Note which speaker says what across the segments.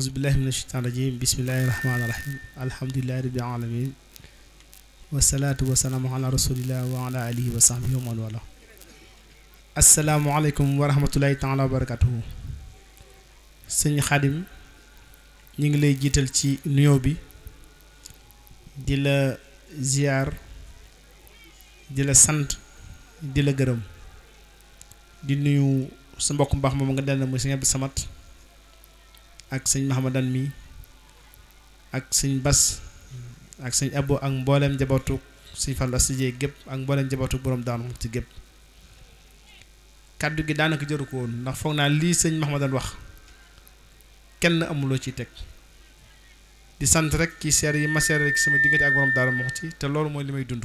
Speaker 1: أعوذ بالله من الشيطان الرجيم بسم الله الرحمن الرحيم الحمد لله رب العالمين والصلاة والسلام على رسول الله وعلى آله وصحبه ومن والاه السلام عليكم ورحمة الله تعالى وبركاته sëñ خادم ñu ngi lay jiital ci nuyoo bi di la ziar di la sant di la gërëm di nga dell na ak sëñ Mahamadan mi ak sëñ Bas ak sëñ Abo ak mbooleem njabootu sëñ Fallu Asijee gépp ak mbooleem njabootu borom daanu ci gépp kàddu gi daanaka jëru ko woon ndax foog naa lii sëñ Mahamadan wax kenn amuloo ci teg di sant rek ci seer yi ma seer rek sama diggante ak borom Daaru Muxti te loolu mooy li may dund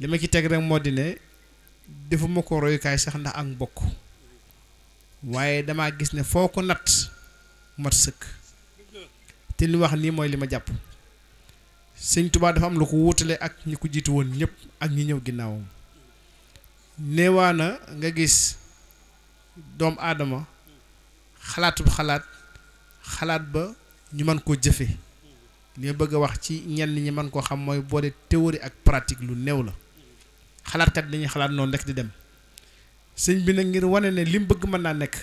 Speaker 1: li ma ci teg rek moo di ne defuma ko royukaay sax ndax ak mbokk waaye damaa gis ne foo ko natt mat sëkk te li wax lii mooy li ma jàpp sëñ Tuubaa dafa am la ko wutale ak ñu ko jiitu woon ñëpp ak ñu ñëw ginnaawam neewaana nga gis doomu aadama xalaatub xalaat xalaat ba ñu mën koo jëfe li bëgg a wax ci ñenn ñi mën koo xam mooy boole théorie ak pratique lu néew la xalaatkat dañuy xalaat noonu rek di dem sëñ bi nag ngir wane ne lim bëgg mën naa nekk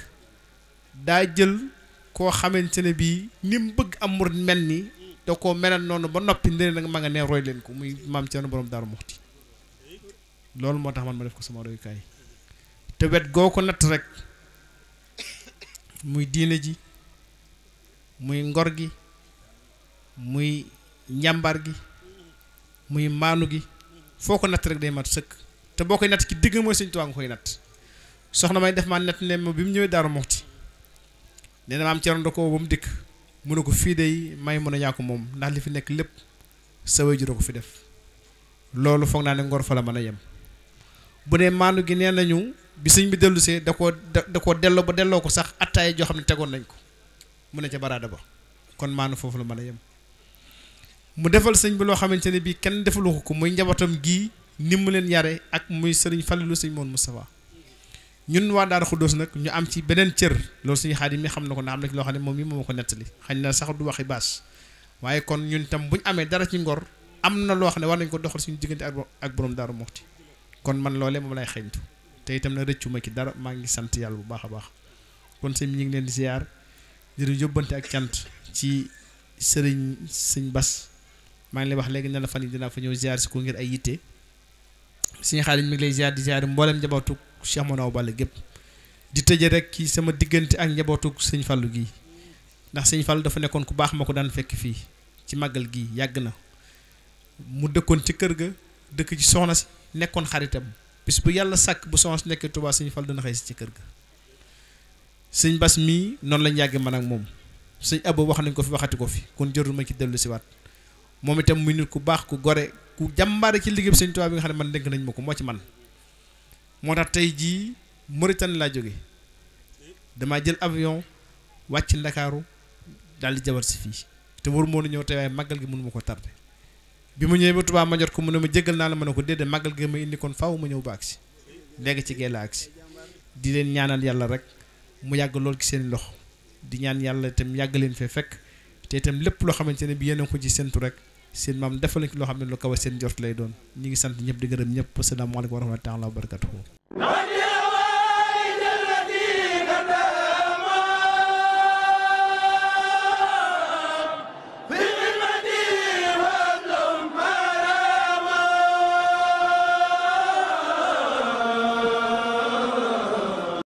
Speaker 1: daa jël koo xamante ne bii ni mu bëgg am mu mel ni da koo melal noonu ba noppi ndene nag ma nga ne roy leen ko muy maam Cerno borom Daaru Muxti loolu moo tax man ma def ko sama royukaay te wet goo ko natt rek muy diine ji muy ngor gi muy njàmbar gi muy maanu gi foo ko natt rek day mat sëkk te boo koy natt ki digg mooy sëñ Tuubaa nga koy natt soxna may def maa natt ne ma bi mu ñëwee Daaru Muxti nee am maam Cerno da ko ba mu dikk mu ne ko fii day may mën a ñàkk moom ndax li fi nekk lépp sa waajur a ko fi def loolu foog naa ne ngor fa la mën a yem bu ne maandu gi nee nañu bi sëñ bi dellusee da koo da koo delloo ba delloo ko sax attaay joo xam ne tegoon nañ ko mu ne ca baraada ba kon maandu foofu la mën a yem mu defal sëñ bi loo xamante ne bii kenn defalu ko muy njabootam gii ni mu leen yare ak muy sëriñ Fallilou sëñ moon Moustapha ñun wa Daara Xuddoos nak ñu am ci benen cër lo suñu xaadim mi xam nako ko na am nak lo loo mom mi moo ko nettali xañ na sax du waxi bass waye kon ñun tam buñ amé dara ci ngor am na loo war nañ ko doxal suñu digënté ak borom Daaru Muxti kon man lolé mom lay xeeñtu te itam na rëccu ma ci dara ma ngi sant yalla bu baaxa baax kon sëñ ñi ngi leen di ziar di ñu yóbbante ak cant ci sëriñ sëñ Bas ma ngi lay wax légui na la fani dina fa ñew ziar si ko ngir ay yitte suñu xaadim mi ngi lay ziar di ziar mbolam jabatuk Cheikh Maodo Balla gépp di tëje rek ci sama diggante ak njabootu sëñ Fallou gi ndax sëñ Fallou dafa nekkoon ku baax ma ko daan fekk fii ci màggal gii yàgg na mu dëkkoon ci kër ga dëkk ci soxna si nekkoon xaritam bis bu yàlla sàkk bu soxna si nekkee Touba sëñ Fallou dana xëy si ci kër ga sëñ Bas mii noonu lañ yàgg man ak moom sëñ Abo wax nañ ko fi waxati ko fi kon jarul ma ci dellu si waat moom itam muy nit ku baax ku gore ku jàmbaare ci liggéey sëñ Touba bi nga xam ne man dénk nañ ma ko man moo tax tey jii Mauritanie laa jóge damaa jël avion wàcc ndakaaru daal di jabar si fii te waru moo ñëw te waaye màggal gi mënu ma ko tardé bi mu ñëwee ba Tuubaa ma jot ko mu ne ma jéggal naa la ma ne ko déedéet màggal gi ma indi kon faaw ma ñëw ba agsi léegi ci gee la agsi di leen ñaanal yàlla rek mu yàgg lool ci seen loxo di ñaan yàlla itam yàgg leen fee fekk te itam lépp loo xamante ne bi yéen a ko ci séntu rek seen maam defal nañ loo xam ne lu kaw seen jort lay doon ñu ngi sant ñëpp di gërëm ñëpp asalaamaaleykum wa rahmatulah wa barakatuhu